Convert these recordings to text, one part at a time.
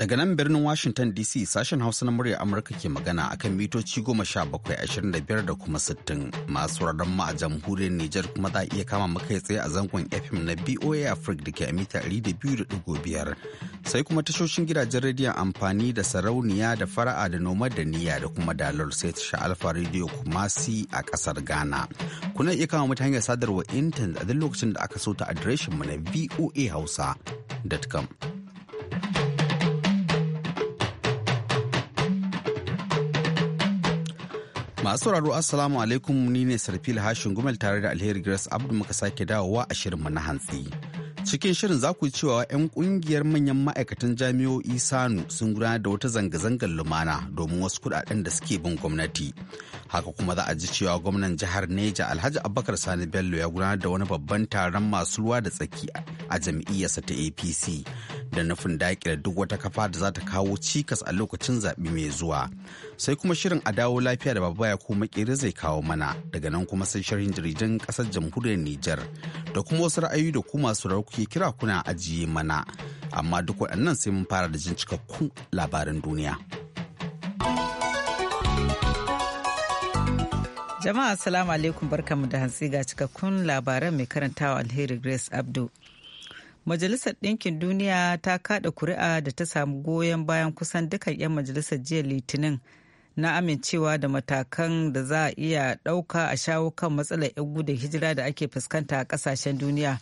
Daga nan birnin Washington DC sashen Hausa na muryar Amurka ke magana akan mitoci goma sha bakwai ashirin da biyar da kuma sittin masu wuraren ma a jamhuriyar Nijar kuma za a iya kama makai tsaye a zangon FM na BOA Africa da ke a mita ɗari da biyu da ɗigo Sai kuma tashoshin gidajen rediyon amfani da sarauniya da fara'a da noma da niyya da kuma dalar sai sha Alfa Radio kuma si a kasar Ghana. Kuna iya kama mutane hanyar sadarwa intanet a duk lokacin da aka so ta adireshin mu na voahausa.com. Masu sauraro Assalamu alaikum ni ne Sarfil Hashin Gumel tare da Alheri Grace Abdu muka sake dawowa a shirinmu na hantsi. Cikin shirin za ku cewa 'yan kungiyar manyan ma'aikatan jami'o'i Sanu sun gudanar da wata zanga-zangar lumana domin wasu kuɗaɗen da suke bin gwamnati. haka kuma za a ji cewa gwamnan jihar neja alhaji abubakar sani bello ya gudanar da wani babban taron masu ruwa da tsaki a jam'iyyarsa ta apc da nufin daƙile duk wata kafa da za ta kawo cikas a lokacin zaɓe mai zuwa sai kuma shirin a dawo lafiya da babaya ko makere zai kawo mana daga nan kuma sai shirin jaridan ƙasar jamhuriyar nijar da kuma wasu ra'ayoyi da kuma masu kuke kira kuna ajiye mana amma duk waɗannan sai mun fara da jin cikakkun labaran duniya. Jama'a salamu alaikum barkamu da hantsi ga cikakkun labaran mai karantawa alheri Grace Abdu. Majalisar Ɗinkin Duniya ta kaɗa kuri'a da ta samu goyon bayan kusan dukan 'yan majalisar jiya Litinin na amincewa da matakan da za a iya ɗauka a shawo kan matsalar 'yan gudun hijira da ake fuskanta a ƙasashen duniya.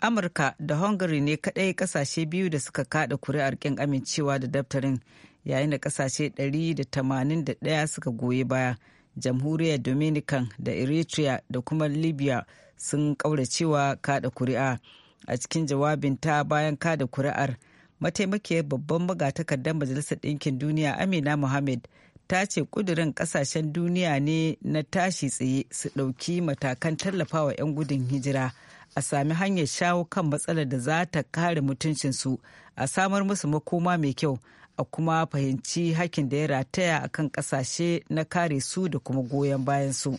Amurka da Hungary ne kaɗai kasashe biyu da suka kaɗa kuri'ar ƙin amincewa da daftarin yayin da ƙasashe 181 suka goyi baya. jamhuriyar dominican da eritrea da kuma libya sun kauracewa kada kuri'a a cikin jawabinta bayan kada kuri'ar mataimakiyar babban magatakardar majalisar ɗinkin duniya amina mohammed ta ce kudirin ƙasashen duniya ne na tashi tsaye su ɗauki matakan tallafawa 'yan gudun hijira a sami hanyar shawo kan matsalar da za ta kare mutuncinsu a samar musu makoma mai kyau a kuma fahimci hakin da ya rataya a kan ƙasashe na kare su da kuma goyon bayan su.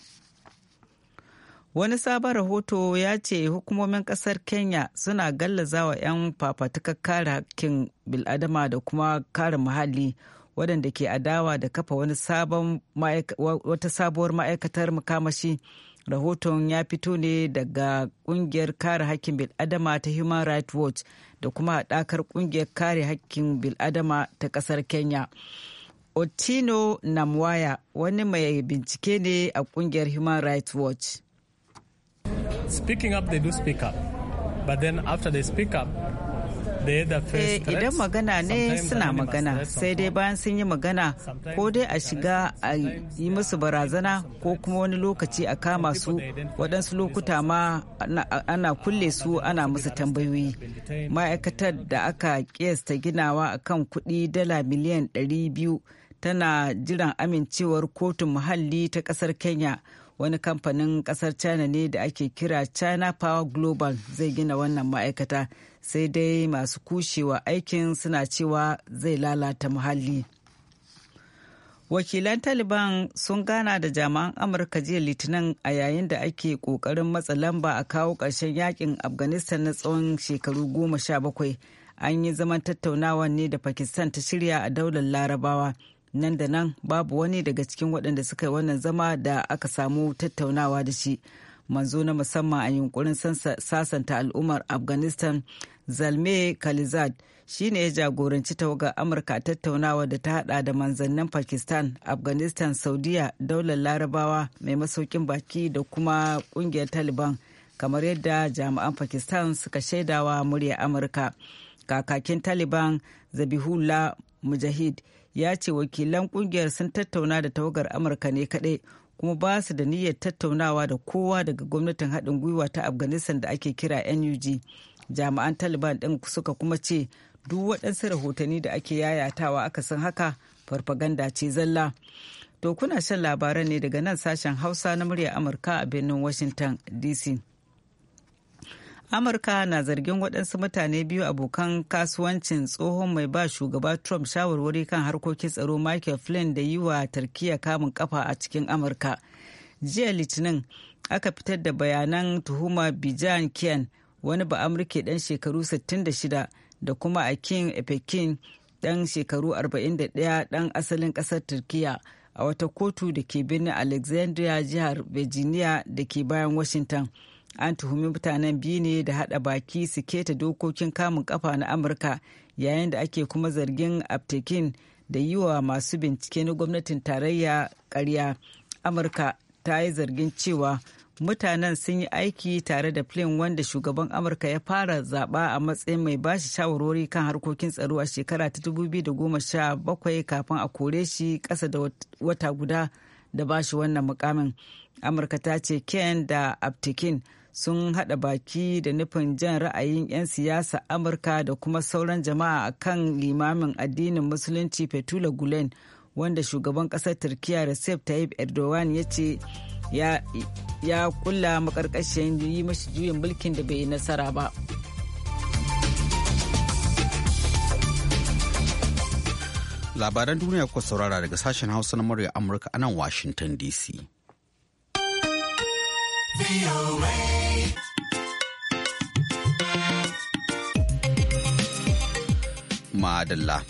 Wani sabon rahoto ya ce hukumomin ƙasar Kenya suna gallazawa 'yan fafatukar kare hakkin bil'adama da kuma kare muhalli waɗanda ke adawa da kafa wata sabuwar ma'aikatar makamashi rahoton ya fito ne daga kungiyar kare hakkin bil'adama ta human rights watch da kuma ɗakar kungiyar kare hakkin bil'adama ta kasar kenya otino namwaya wani mai bincike ne a kungiyar human rights watch speaking up they do speak up but then after they speak up Eh, idan magana ne suna magana sai dai bayan sun yi magana ko dai a shiga a yi musu barazana ko kuma wani lokaci a kama su waɗansu lokuta ma ana kulle su ana musu tambayoyi ma'aikatar da aka kiyasta ginawa a kan kuɗi dala miliyan 200 tana jiran amincewar kotun muhalli ta ƙasar kenya wani kamfanin ƙasar china ne da ake kira china power global zai gina wannan ma'aikata sai dai masu kushewa aikin suna cewa zai lalata muhalli. wakilan taliban sun gana da jami'an amurka jiya litinin a yayin da ake kokarin matsa lamba a kawo ƙarshen yakin afghanistan na tsawon shekaru goma sha bakwai an yi zaman tattaunawa ne da pakistan ta shirya a daular larabawa nan da nan babu wani daga cikin waɗanda suka yi wannan zama da aka samu tattaunawa da shi manzo na musamman a yunkurin sasanta al'ummar afghanistan zalme khalizad ne ya jagoranci tawagar amurka tattaunawa da ta hada da manzannin pakistan afghanistan saudiya daular larabawa mai masaukin baki da kuma kungiyar taliban kamar yadda jami'an pakistan suka shaidawa murya amurka kakakin taliban zabihullah mujahid ya ce wakilan kungiyar sun tattauna da tawagar amurka ne kadai kuma ba su da niyyar tattaunawa da kowa daga gwamnatin haɗin gwiwa ta afghanistan da ake kira nug jami'an taliban ɗin suka kuma ce duk waɗansu rahotanni da ake yayatawa aka san haka farfaganda ce zalla to kuna shan labaran ne daga nan sashen hausa na murya amurka a birnin washington dc amurka na zargin waɗansu mutane biyu abokan kasuwancin tsohon mai ba shugaba trump shawarwari kan harkokin tsaro michael flynn da yi wa turkiya kamun kafa a cikin amurka jiya litinin aka fitar da bayanan tuhuma bijan kian wani ba amurke ɗan shekaru 66 da kuma akin efekin ɗan shekaru 41 ɗan asalin ƙasar turkiya a wata kotu da ke birnin alexandria jihar virginia da ke bayan washington an tuhumi mutanen biyu ne da hada baki su keta dokokin kamun kafa na amurka yayin da ake kuma zargin aptekin da yi wa masu bincike na gwamnatin tarayya karya amurka ta yi zargin cewa mutanen sun yi aiki tare da flynn wanda shugaban amurka ya fara zaba a matsayin mai bashi shawarwari kan harkokin tsaro a shekara ta 2017 kafin a kore shi kasa da wata guda da bashi wannan mukamin amurka ta ce ken da aptekin sun haɗa baki da nufin jan ra'ayin 'yan siyasa amurka da kuma sauran jama'a a kan limamin addinin musulunci fetula gulen wanda shugaban ƙasar turkiya recep tayyip erdogan ya ce ya kulla makarkashin yi mashi juyin mulkin da bai yi nasara ba labaran duniya kuka saurara daga sashen hausa na murya amurka a nan washington dc madalla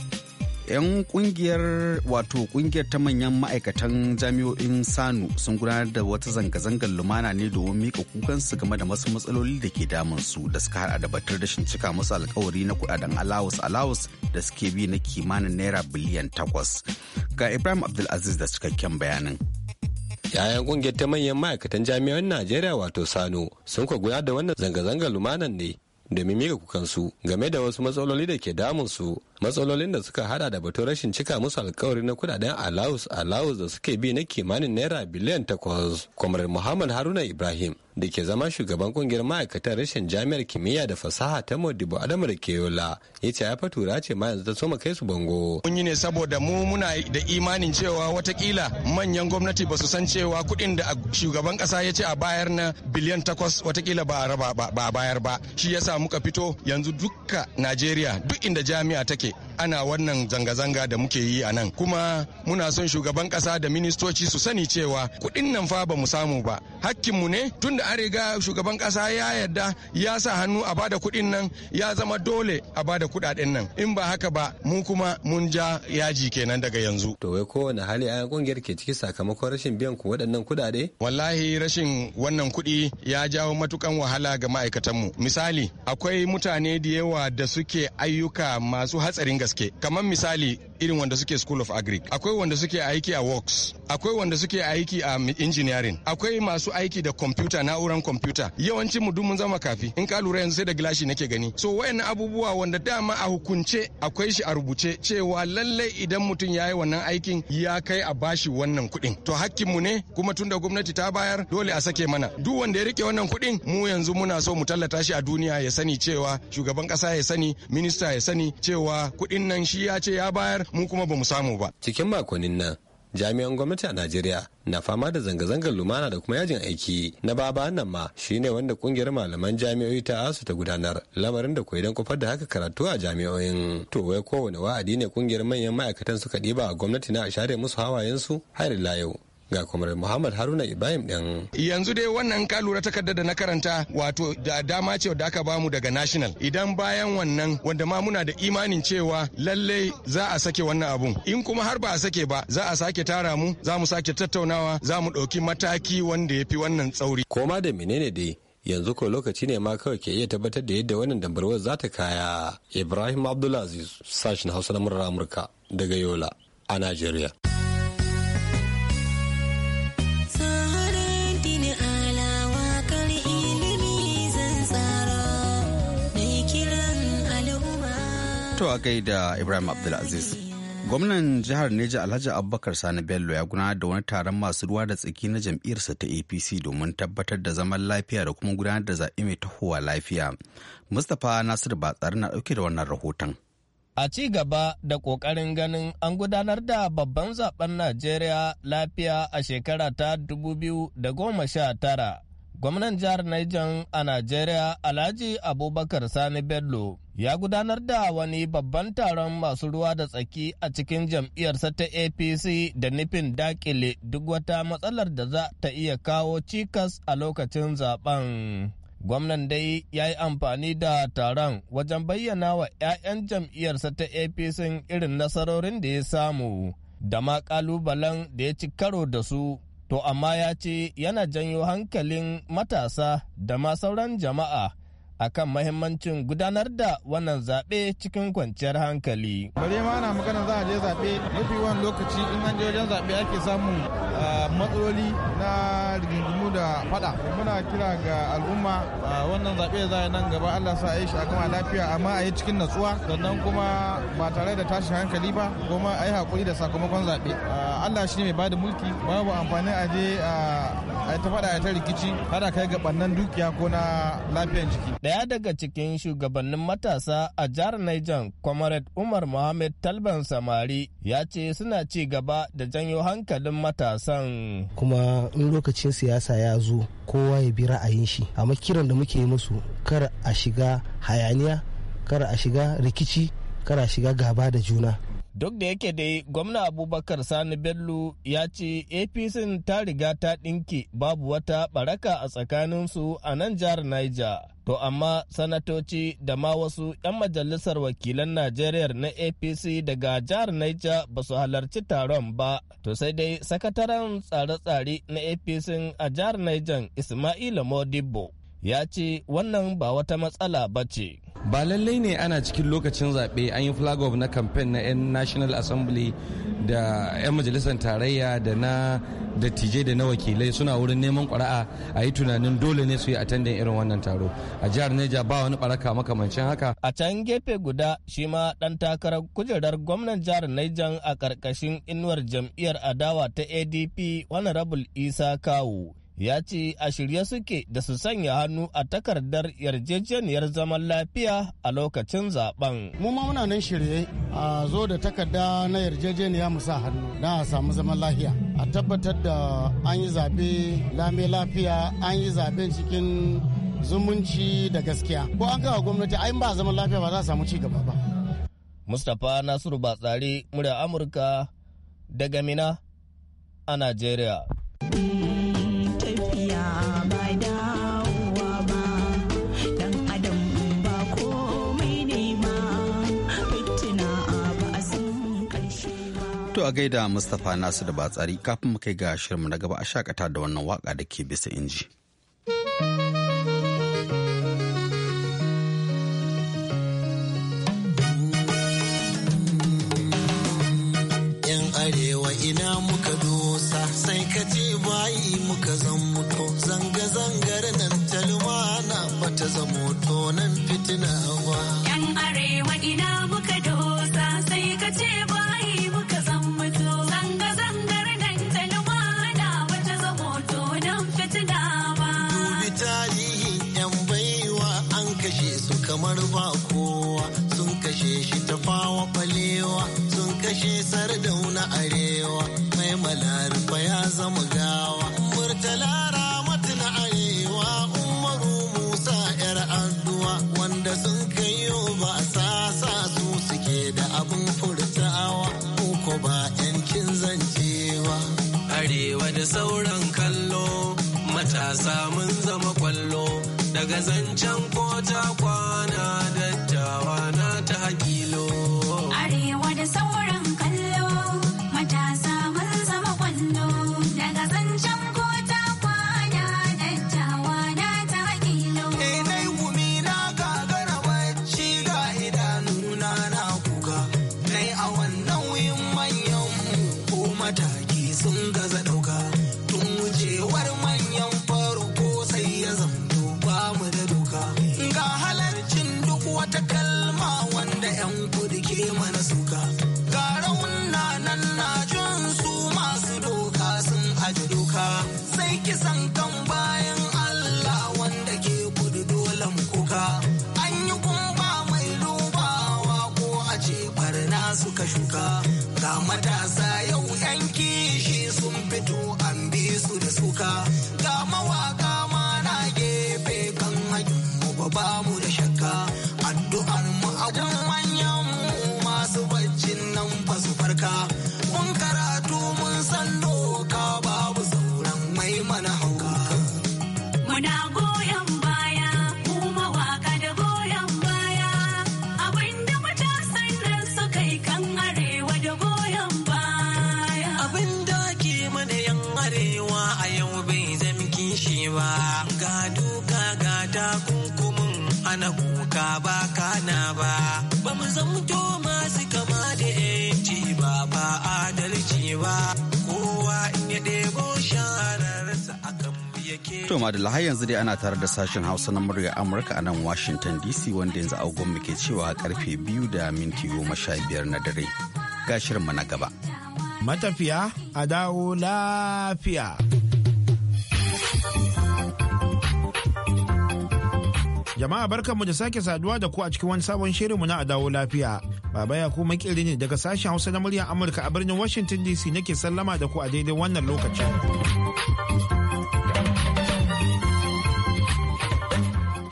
yan kungiyar wato kungiyar ta manyan ma'aikatan jami'o'in sanu sun gudanar da wata zanga-zangar lumana ne domin mika kukan su game da masu matsaloli da ke damun su da suka hada da batar rashin cika musu alkawari na kudaden alawus alawus da suke bi na kimanin naira biliyan takwas ga ibrahim abdulaziz da cikakken bayanin yayan kungiyar ta manyan ma'aikatan jami'an najeriya wato sanu sun kwa da wannan zanga-zangar lumanan ne domin mika kukansu game da wasu matsaloli da ke damunsu matsalolin da suka hada da batun rashin cika musu alkawari na kudaden allowance allowance da suke bi na kimanin naira biliyan takwas kwamar muhammad haruna ibrahim da ke zama shugaban kungiyar ma'aikatan rashin jami'ar kimiyya da fasaha ta modibo adamu da keyola ya ce ya fatura ce ma yanzu ta soma kai su bango mun yi ne saboda mu muna da imanin cewa watakila manyan gwamnati ba su san cewa kuɗin da shugaban ƙasa ya ce a bayar na biliyan takwas watakila ba a bayar ba shi yasa muka fito yanzu duka najeriya duk inda jami'a take ana wannan zanga-zanga da muke yi a nan kuma muna son shugaban kasa da ministoci su sani cewa kuɗin nan fa ba mu samu ba hakkinmu ne tun da an riga shugaban kasa ya yarda ya sa hannu a bada kuɗin nan ya zama dole a bada kuɗaɗen nan in ba haka ba mu kuma mun ja yaji kenan daga yanzu. To wai kowane hali ayan kungiyar ke ciki sakamakon rashin biyan ku waɗannan kuɗaɗe? Wallahi rashin wannan kuɗi ya jawo matukan wahala ga ma'aikatanmu. Misali akwai mutane da yawa da suke ayyuka masu hatsi hatsarin gaske kamar misali irin wanda suke school of agri akwai wanda suke aiki a works akwai wanda suke aiki a engineering akwai masu aiki da computer na'uran computer yawancin mu mun zama kafi in ka lura yanzu sai da gilashi nake gani so wayannan abubuwa wanda dama a hukunce akwai shi a rubuce cewa lallai idan mutum ya yi wannan aikin ya kai a bashi wannan kuɗin to hakkin mu ne kuma tunda gwamnati ta bayar dole a sake mana duk wanda ya rike wannan kuɗin mu yanzu muna so mu tallata shi a duniya ya sani cewa shugaban kasa ya sani minista ya sani cewa kudin kuɗin nan shi ya ce ya bayar mu kuma bamu samu ba cikin makonnin nan jami'an gwamnati a najeriya na fama da zanga-zangar lumana da kuma yajin aiki na baba nan ma shine wanda kungiyar malaman jami'o'i ta asu ta gudanar lamarin da koyi don kofar da haka karatu a jami'o'in to wai kowane wa'adi ne kungiyar manyan ma'aikatan suka ɗiba a gwamnati na a share musu hawayensu har ila yau ga kwamar muhammad haruna ibrahim din yanzu dai wannan kalura takardar da na karanta wato da dama ce da aka bamu daga national idan bayan wannan wanda ma muna da imanin cewa lallai za a sake wannan abun in kuma har ba a sake ba za a sake tara mu za mu sake tattaunawa za mu ɗauki mataki wanda ya fi wannan tsauri koma da menene dai yanzu ko lokaci ne ma kawai ke iya tabbatar da yadda wannan dambarwar za ta kaya ibrahim abdulaziz sashen hausa na murar amurka daga yola a najeriya To a da Ibrahim Abdulaziz. Gwamnan jihar Neja Alhaji Abubakar Sani Bello ya gudanar da wani taron masu ruwa da tsaki na jam'iyyarsa ta APC domin tabbatar da zaman lafiya da kuma gudanar da zaɓe mai tahowa lafiya. Mustapha Nasir Batsari na ɗauke da wannan rahoton. A ci gaba da ƙoƙarin ganin an gudanar da babban zaben Najeriya lafiya a shekara ta 2019, gwamnan jihar Niger a Najeriya Alhaji Abubakar Sani Bello ya gudanar da wani babban taron masu ruwa da tsaki a cikin jam'iyyarsa ta apc da nufin dakile duk wata matsalar da za ta iya kawo cikas a lokacin zaben gwamnan dai ya yi amfani da taron wajen bayyana wa 'ya'yan jam'iyyarsa ta apc irin nasarorin da ya samu da ma kalubalen da ya ci karo da su to amma ya ce yana janyo hankalin matasa da ma sauran jama'a akan mahimmancin gudanar da wannan zaɓe cikin kwanciyar hankali. Bari ma na magana za a je zaɓe mafi wani lokaci in an je wajen zaɓe ake samu matsaloli na rigingimu da faɗa. Muna kira ga al'umma wannan zaɓe za a nan gaba Allah sa a yi shi a kama lafiya amma a yi cikin natsuwa sannan kuma ba tare da tashin hankali ba kuma a yi haƙuri da sakamakon zaɓe. Allah shi ne mai bada mulki babu amfani a je a a ta fada ta rikici hada kai ga bannan dukiya ko na lafiyar jiki. Daya daga cikin shugabannin matasa a jihar Niger, Comrade Umar Mohammed Talban Samari ya ce suna ci gaba da janyo hankalin matasan. Kuma in lokacin siyasa ya zo kowa ya bi ra'ayin shi, amma kiran da muke musu kar a shiga hayaniya, kar a shiga rikici, kar a shiga gaba da juna. duk da yake dai gwamna abubakar sani bello ya ce apc ta riga ta ɗinki babu wata baraka a tsakaninsu a nan jihar niger to amma sanatoci da ma wasu 'yan majalisar wakilan najeriya na apc daga jihar niger ba su halarci taron ba to sai dai sakataren tsare-tsare na apc a jihar niger ismaila modibo ya ce wannan ba wata matsala ba ce ba lallai ne ana cikin lokacin zaɓe an yi flag of na kamfen na 'yan national assembly da 'yan majalisar tarayya da na dattijai da na wakilai suna wurin neman ƙwara'a a yi tunanin dole ne su yi attendin irin wannan taro a jihar neja ba wani baraka makamancin haka a can gefe guda shi ma ɗan takarar kujerar gwamnan jihar Niger a ƙarƙashin inuwar jam'iyyar adawa ta adp rabul isa kawu ya ce a shirye suke da su sanya hannu a takardar yarjejeniyar zaman lafiya a lokacin zaben. mu ma muna nan shirye a zo da takarda na yarjejeniya mu sa hannu na a samu zaman lafiya a tabbatar da an yi zaɓe lame lafiya an yi zaɓen cikin zumunci da gaskiya ko an kawo gwamnati ai ba zaman lafiya ba za a samu ci gaba ba. mustapha nasiru batsari murya amurka daga mina a najeriya. a gaida Mustapha Nasu da Batsari kafin mu kai ga shirinmu na gaba a shakata da wannan waka da ke bisa inji. Yan arewa ina muka dosa sai ka ce bayi muka zan muto zanga-zangar nan talma na bata zamo tonan fitina wa. To Madalla har yanzu dai ana tare da sashen Hausa na murya Amurka a nan Washington DC wanda yanzu agon muke cewa karfe biyu da minti goma sha biyar na dare. Ga shirinmu na gaba. Matafiya a dawo lafiya. Jama'a barkanmu da sake saduwa da ku a cikin wani sabon shirinmu na a dawo Lafiya. Baba ya kuma makiri ne daga sashen Hausa na muryar Amurka a birnin Washington DC nake sallama da ku a daidai wannan lokacin.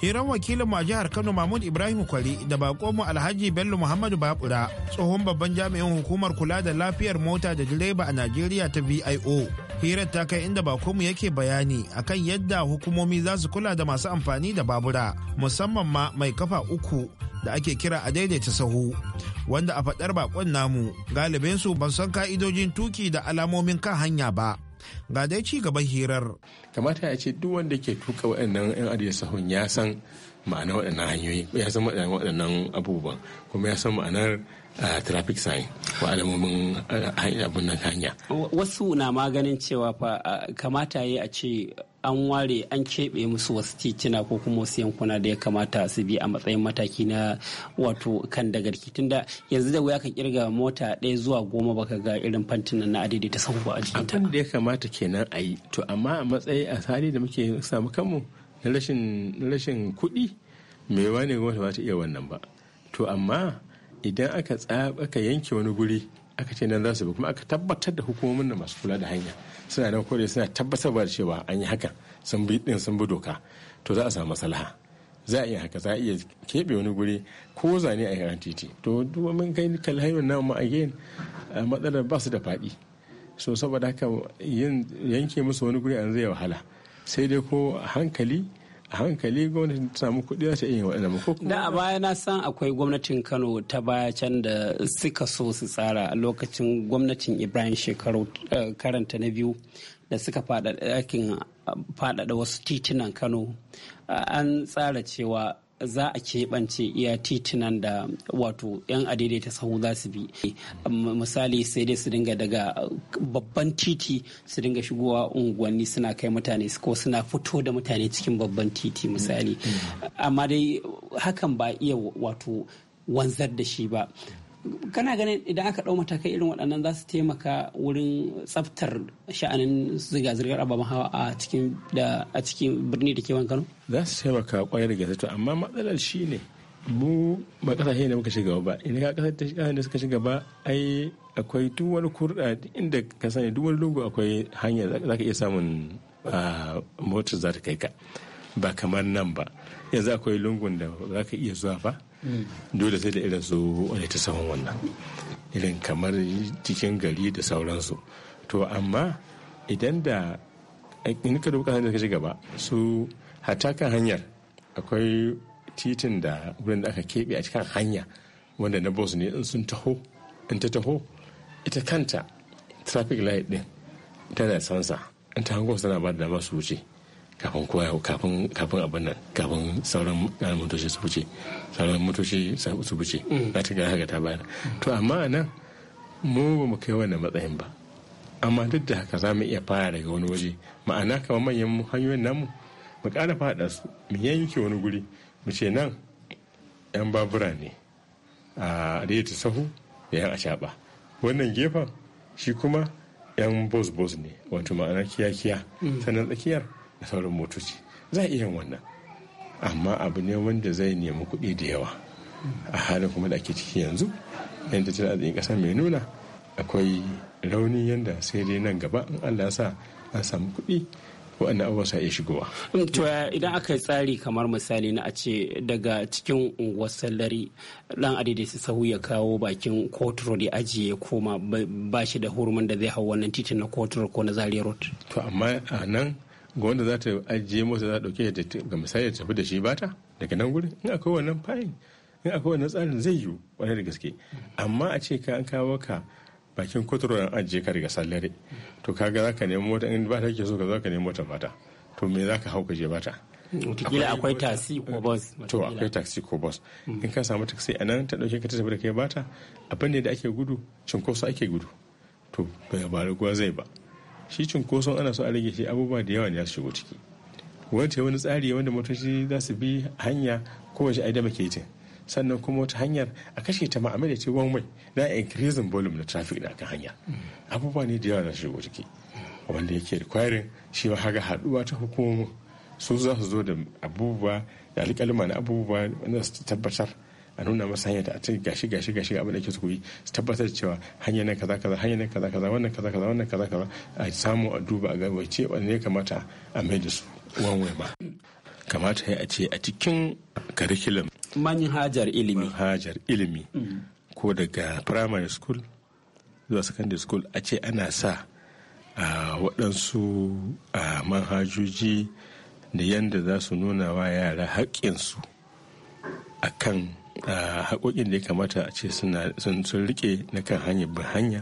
hiran wakilin a jihar kano mahmud ibrahim kwari da mu alhaji bello muhammadu babura tsohon babban jami'in hukumar kula da lafiyar mota da direba a najeriya ta vio hirar ta kai inda mu yake bayani akan yadda hukumomi za su kula da masu amfani da babura musamman ma mai kafa uku da ake kira a daidaita sahu wanda a faɗar bakon namu galibinsu ban san ka'idojin tuki da alamomin kan hanya ba ga dai ci gaban hirar kamata ya ce duk wanda ke tuka waɗannan 'yan arewa sahun ya san ma'ana waɗannan hanyoyi ya san ma'ana waɗannan abubuwan kuma ya san ma'anar traffic sign ko alamomin abin nan hanya wasu na maganin cewa fa kamata ya ce an ware an keɓe musu wasu titina ko kuma wasu yankuna da ya kamata su bi a matsayin mataki na wato kan da garki da yanzu da wuya ka kirga mota ɗaya zuwa goma baka ga irin fantin na adadi ta sahu a jikin ta da ya kamata kenan a yi to amma a matsayi a tsari da muke samu kanmu na rashin rashin kuɗi me wane gwamnati ba ta iya wannan ba to amma idan aka aka yanke wani guri aka ce nan za su bi kuma aka tabbatar da hukumomin da masu kula da hanya suna nan kore suna tabbatar da cewa an yi haka sun bi din sun bi doka to za a samu maslaha za a iya haka za a iya keɓe wani guri ko zane a yaran titi to domin kai kalli na mu a matsalar ba su da faɗi so saboda haka yanke musu wani guri an zai wahala sai dai ko hankali a hankali gwamnati ta samu kuɗi za ta iya waɗannan ko da a baya na san akwai gwamnatin Kano ta baya can da suka so su tsara a lokacin gwamnatin Ibrahim shekaru eh, karanta na biyu da suka faɗaɗa wasu titunan Kano an tsara cewa za a keɓance iya titunan da wato 'yan adidai ta sahu za su bi misali sai dai su dinga daga uh, babban titi su dinga shigowa unguwanni suna kai mutane ko suna fito da mutane cikin babban titi misali mm, mm. amma dai hakan ba iya wato wanzar da shi ba kana ganin idan aka ɗau matakai irin waɗannan za su taimaka wurin tsaftar sha'anin zirga-zirgar ababen hawa a cikin da a cikin birni da kewan kano za su taimaka kwayar da gaske amma matsalar shi ne mu ba shi ne muka shiga ba idan ka shiga ne suka shiga ba ai akwai duk wani kurɗa inda ka sani duk wani lungu akwai hanya za ka iya samun motar za ta kai ka ba kamar nan ba yanzu akwai lungun da za ka iya zuwa ba dole sai da irin su wani ta sahun wannan irin kamar cikin gari da sauransu to amma idan da in ka duka hanyar ka gaba su hata kan hanyar akwai titin da wurin da aka keɓe a cikin hanya wanda na boss ne in sun taho in ta taho ita kanta traffic light din tana sansa in ta hango tana ba da dama su wuce kafin kowa kafin kafin abin nan kafin sauran ƙarar motoci su wuce sauran motoci su wuce na mm. ta gara haka ta bayar to amma a nan mu ba mu kai wannan matsayin ba amma duk da haka za mu iya fara daga wani waje ma'ana kamar manyan hanyoyin namu mu ƙara faɗa su mu yanke wani guri mu ce nan yan babura ne a reta sahu da yan acaɓa wannan gefen shi kuma yan bos bos ne wato ma'ana kiyakiya kiya mm. sannan tsakiyar da sauran motoci za a iya wannan amma abu ne wanda zai nemi kuɗi da yawa a halin kuma da ake ciki yanzu yan tattalin arzikin ƙasa mai nuna akwai rauni yadda sai dai nan gaba in allah sa an samu kuɗi waɗanda abubuwa sa iya shigowa. Mm, to idan aka yi tsari kamar misali na a ce daga cikin unguwar lari dan adaidaita sahu ya kawo bakin kotro da ajiye koma ba shi da hurumin da zai hau wannan titin na kotro ko na zariya road. to amma a nan ga wanda za ta ajiye mota za ta ɗauke ga misali tafi da shi bata daga nan gurin in akwai wannan fayin in akwai wannan tsarin zai yiwu wani da gaske amma a ce ka an kawo ka bakin koturo an ajiye ka daga sallare to kaga za ka nemi mota in bata ke so ka za ka nemi mota bata to me za ka hau ka je bata wataƙila akwai taxi ko bus to akwai taxi ko bus in ka samu taxi a nan ta ɗauke ka ta tafi da kai bata abin ne da ake gudu cinkoso ake gudu to ba ruwa zai ba shi cunkoson ana so a rage shi abubuwa da yawa ne su shigo ciki wata wani tsari wanda motoci za su bi hanya kowace aida maketin sannan kuma wata hanyar a kashe ta ma'amala ce wan mai na increasing volume na traffic da kan hanya abubuwa ne da yawa na shigo ciki wanda yake requiring shi ma haga haduwa ta hukumomi su za su zo da abubuwa da alƙalima na abubuwa wanda su tabbatar a nuna masa hanya da a cikin gashi gashi gashi abin da ke su koyi su tabbatar cewa hanya na kaza kaza hanya na kaza kaza wannan kaza kaza wannan kaza kaza a samu a duba a ga wace wanda ya kamata a mai da su wanwai ba kamata ya ce a cikin curriculum manhajar ilimi manhajar ilimi mm. ko daga primary school zuwa secondary school a ce ana sa waɗansu manhajoji da yadda za su nuna wa yara haƙƙinsu a kan haƙoƙin da ya kamata a ce sun rike na kan hanyar bin hanya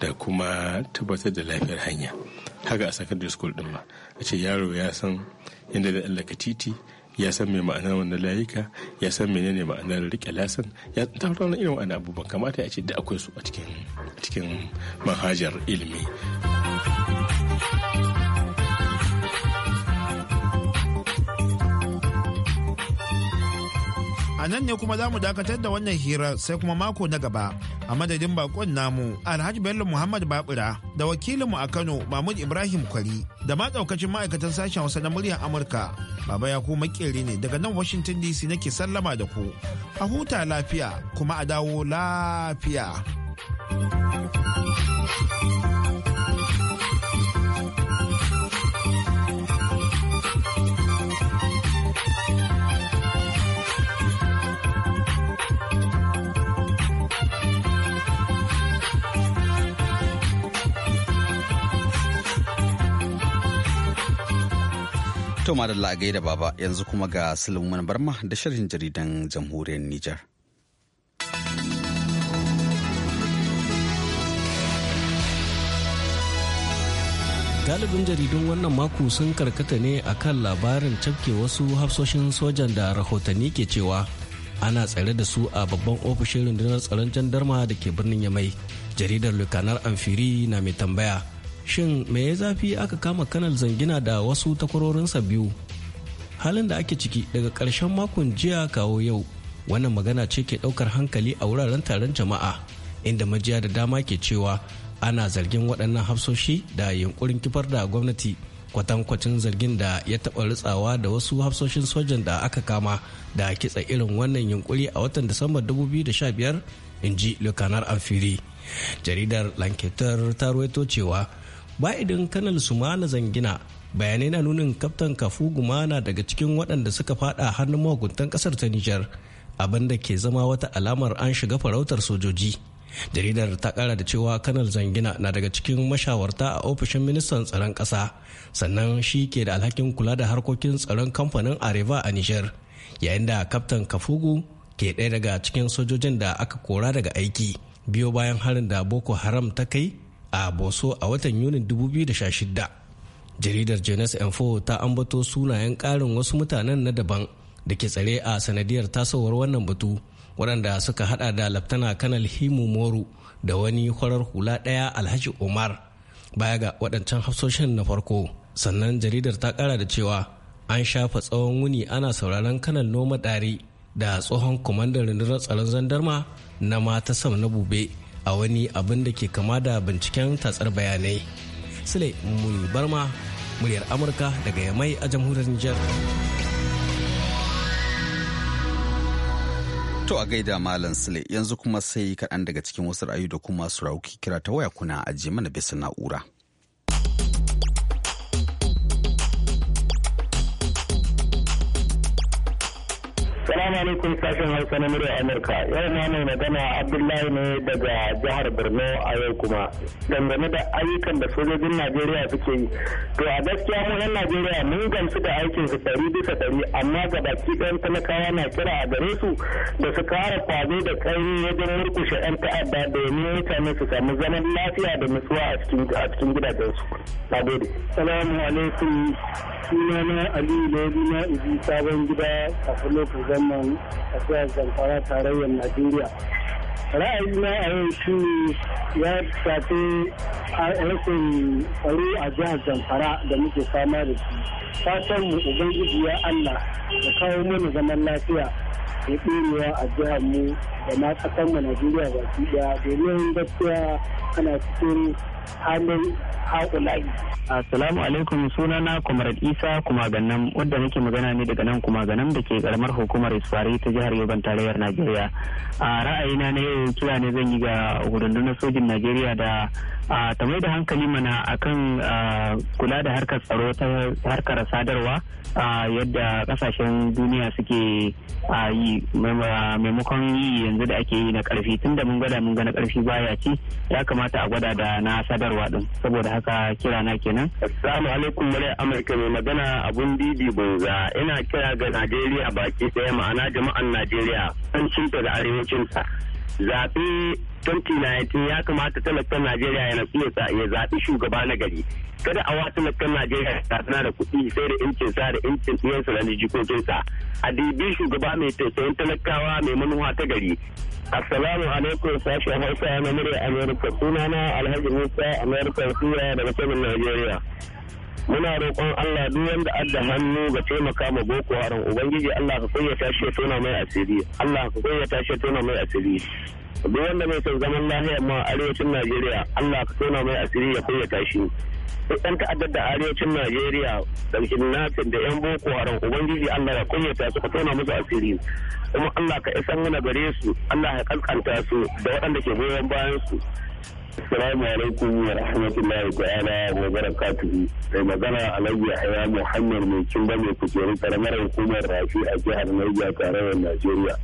da kuma tabbatar da lafiyar hanya haka a secondary school din ma a ce yaro ya san inda da allaka titi ya san mai ma'ana wannan layuka ya san menene ma'anar rike lasan ya tafi na irin wani abubuwan kamata ya ce da akwai su a cikin manhajar ilimi. A nan ne kuma za mu dakatar da wannan hirar sai kuma mako na gaba a madadin bakon namu Alhaji Bello Muhammad Babura da wakilinmu a Kano Mahmud Ibrahim Kwari da ma daukacin ma'aikatan sashen Hausa na muryar Amurka. Baba ya ku makeri ne daga nan Washington DC nake sallama da ku. A huta lafiya kuma a dawo lafiya. thank you To madalla a gaida baba yanzu kuma ga Sulaiman Barma da shirin jaridan jamhuriyar Nijar. Galibin jaridun wannan mako sun karkata ne a kan labarin cafke wasu hafsoshin sojan da rahotanni ke cewa ana tsare da su a babban ofishin rundunar tsaron jandarma da ke birnin Yamai. Jaridar Lukanar Amfiri na mai tambaya. shin me ya zafi aka kama kanal zangina da wasu takwarorinsa biyu halin da ake ciki daga ƙarshen makon jiya kawo yau wannan magana ce ke ɗaukar hankali a wuraren taron jama'a inda majiya da dama ke cewa ana zargin waɗannan hafsoshi da yunkurin kifar da gwamnati kwatankwacin zargin da ya taɓa ritsawa da wasu hafsoshin sojan da aka kama da kitsa irin wannan yunkuri a watan disamba 2015 in ji lukanar amfiri jaridar lanketar ta ruwaito cewa ba'idin kanal na zangina bayanai na nunin kaftan kafu gumana daga cikin waɗanda suka fada hannun mahukuntan ƙasar ta nijar abinda ke zama wata alamar an shiga farautar sojoji jaridar ta kara da cewa kanal zangina na daga cikin mashawarta a ofishin ministan tsaron ƙasa sannan shi ke da alhakin kula da harkokin tsaron kamfanin areva a nijar yayin da kaftan kafugu ke ɗaya daga cikin sojojin da aka kora daga aiki biyo bayan harin da boko haram ta kai a boso a watan yunin 2016 jaridar jenes info ta ambato sunayen ƙarin wasu mutanen na daban da ke tsare a sanadiyar tasowar wannan batu waɗanda suka hada da laftana kanal himu moru da wani kwarar hula ɗaya alhaji umar baya ga waɗancan hafsoshin na farko sannan jaridar ta ƙara da cewa an shafa tsawon wuni ana sauraron kanal noma dari da tsohon kwamandan rundunar tsaron zandarma na mata sam na bube a wani abin da ke kama da binciken tatsar bayanai sule muni barma muryar amurka daga yamai a jamhuriyar nijar to a gaida malam sule yanzu kuma sai kaɗan daga cikin wasu ra'ayi da kuma su kira ta waya kuna ajiye mana bisa na'ura Assalamu alaikum sashen Hausa na murya Amurka. Yau na mai magana Abdullahi ne daga jihar Borno a yau kuma. Dangane da ayyukan da sojojin Najeriya suke yi. To a gaskiya mu yan Najeriya mun gamsu da aikin su ɗari bisa ɗari amma ga baki ɗayan talakawa na kira a gare su da su kara kwazo da kaini wajen murkushe 'yan ta'adda domin mutane su samu zaman lafiya da nutsuwa a cikin gidajen su gidajensu. Na alaikum. Sunana Aliyu Lebi na Ibi Sabon Gida a ciyaman a zamfara tarayyar najeriya na a yau shi ne ya shafi rashin tsaro a jihar zamfara da muke fama da shi fatan mu ubangiji ya allah da kawo mana zaman lafiya da ɗorewa a jihar mu da ma ƙasar mu najeriya baki ɗaya domin gaskiya ana cikin hannun haƙulai. Assalamu alaikum sunana Kumar Isa kuma gannan wadda nake magana ne daga nan kuma ganan da ke karamar hukumar Isfari ta jihar Yoban tarayyar Najeriya. A ra'ayina na yau kira ne zan yi ga rundunar sojin Najeriya da a ta mai da hankali mana akan kula da harkar tsaro ta harkar sadarwa a yadda kasashen duniya suke yi maimakon yi yanzu da ake yi na karfi tunda mun gwada mun ga na karfi baya ci ya kamata a gwada da na sadarwa din saboda haka kira na kenan assalamu alaikum bare amurka mai magana abun didi bunza ina kira ga najeriya baki daya ma'ana jama'an najeriya kancin da arewacin ta zaɓe 2019 ya kamata talakan najeriya ya nasu ya zaɓi shugaba na gari kada a wa talakan najeriya ta tana da kuɗi sai da incin sa da incin ɗiyansa da jikokinsa a dibi shugaba mai tausayin talakawa mai manuwa ta gari Assalamu alaikum sashen Hausa na murya Amerika sunana Alhaji Musa Amerika Sura daga Kebbi Najeriya. Muna roƙon Allah duk wanda adda hannu ga taimaka ma Boko Haram Ubangiji Allah ka tashi ya tona mai asiri. Allah ka tashi ya tona mai asiri. Duk wanda mai son zaman lahiya ma arewacin Najeriya Allah ka tona mai asiri ya koya tashi. 'yan ta'addar da arewacin Najeriya ɗaukin nasin da 'yan boko haram ubangiji Allah ya kunyata su ka tona musu asiri kuma Allah ka isan mana gare su Allah ya kankanta su da waɗanda ke goyon bayan su. Assalamu alaikum wa rahmatullahi ta'ala wa barakatuhu. da magana Alhaji Yahya Muhammad mai kimba mai kujeru karamar hukumar Rafi a jihar Niger tarayyar Najeriya.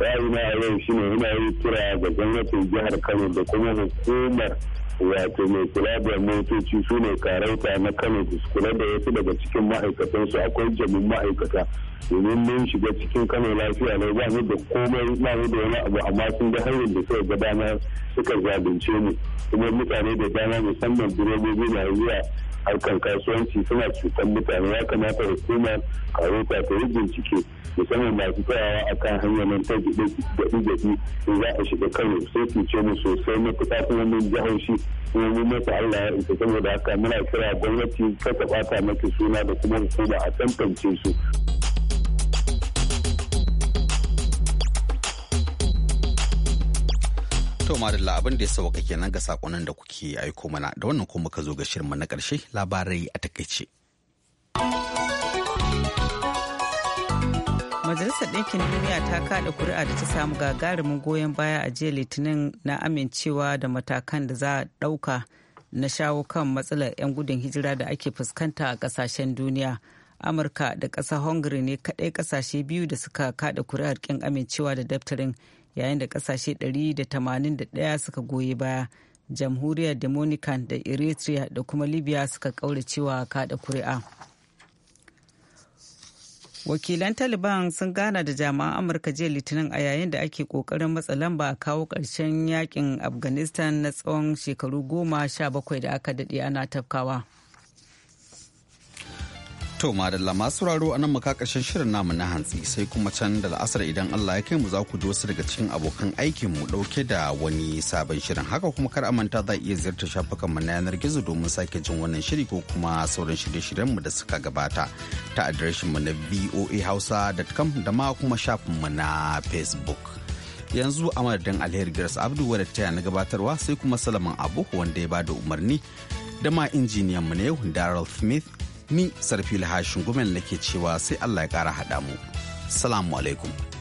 Ra'ayina a yau shine ina yi kira ga gwamnatin jihar Kano da kuma hukumar wato mai kula da motoci su ne karauta na kano su kula da wasu daga cikin ma'aikatansu akwai jamin ma'aikata domin mun shiga cikin kano lafiya ne ba mu da komai ba mu da wani abu amma sun ga hanyar da suka gabana suka zalunce mu kuma mutane da dama musamman direbobi na zuwa harkar kasuwanci suna cutar mutane ya kamata da kuma karota ta yi bincike musamman masu tsayawa a kan hanyar nan ta gaɗi gaɗi in za a shiga kano sai cuce mu sosai matuƙa kuma mun ji haushi kuma mun masa allah ya isa saboda haka muna kira gwamnati kasa ɓata maki suna da kuma hukuma a tantance su. To madalla abin da ya sauka kenan ga sakonin da kuke aiko mana da wannan kuma ka zo ga shirma na karshe labarai a takaice. Majalisar Ɗinkin Duniya ta kaɗa kuri'a da ta samu gagarumin goyon baya a jiya Litinin na amincewa da matakan da za a ɗauka na shawo kan matsalar 'yan gudun hijira da ake fuskanta a ƙasashen duniya. amurka da ƙasa hungary ne kaɗai ƙasashe biyu da suka kaɗa kuri'ar ƙin amincewa da daftarin yayin da kasashe 181 suka goyi baya jamhuriyar dominican da eritrea da kuma libya suka kauracewa kada kuri'a wakilan taliban sun gana da jami'an amurka jiya litinin a yayin da ake kokarin matsa lamba a kawo ƙarshen yakin afghanistan na tsawon shekaru goma sha bakwai da aka daɗe ana tafkawa To madalla masu sauraro a nan muka shirin namu na hantsi sai kuma can da la'asar idan Allah ya kai mu za ku ji wasu daga cikin abokan aikin mu dauke da wani sabon shirin haka kuma kar amanta za iya ziyartar shafukan mu na yanar gizo domin sake jin wannan shiri ko kuma sauran shirye-shiryen mu da suka gabata ta adireshin mu na voahausa.com da ma kuma shafin mu na Facebook. Yanzu a madadin Alheri Grace Abdu wadda ta na gabatarwa sai kuma Salaman Abu wanda ya bada umarni da ma injiniyan mu na yau Daryl Smith ni sarfi lahashin gumen nake cewa sai allah ya kara haɗa mu salamu alaikum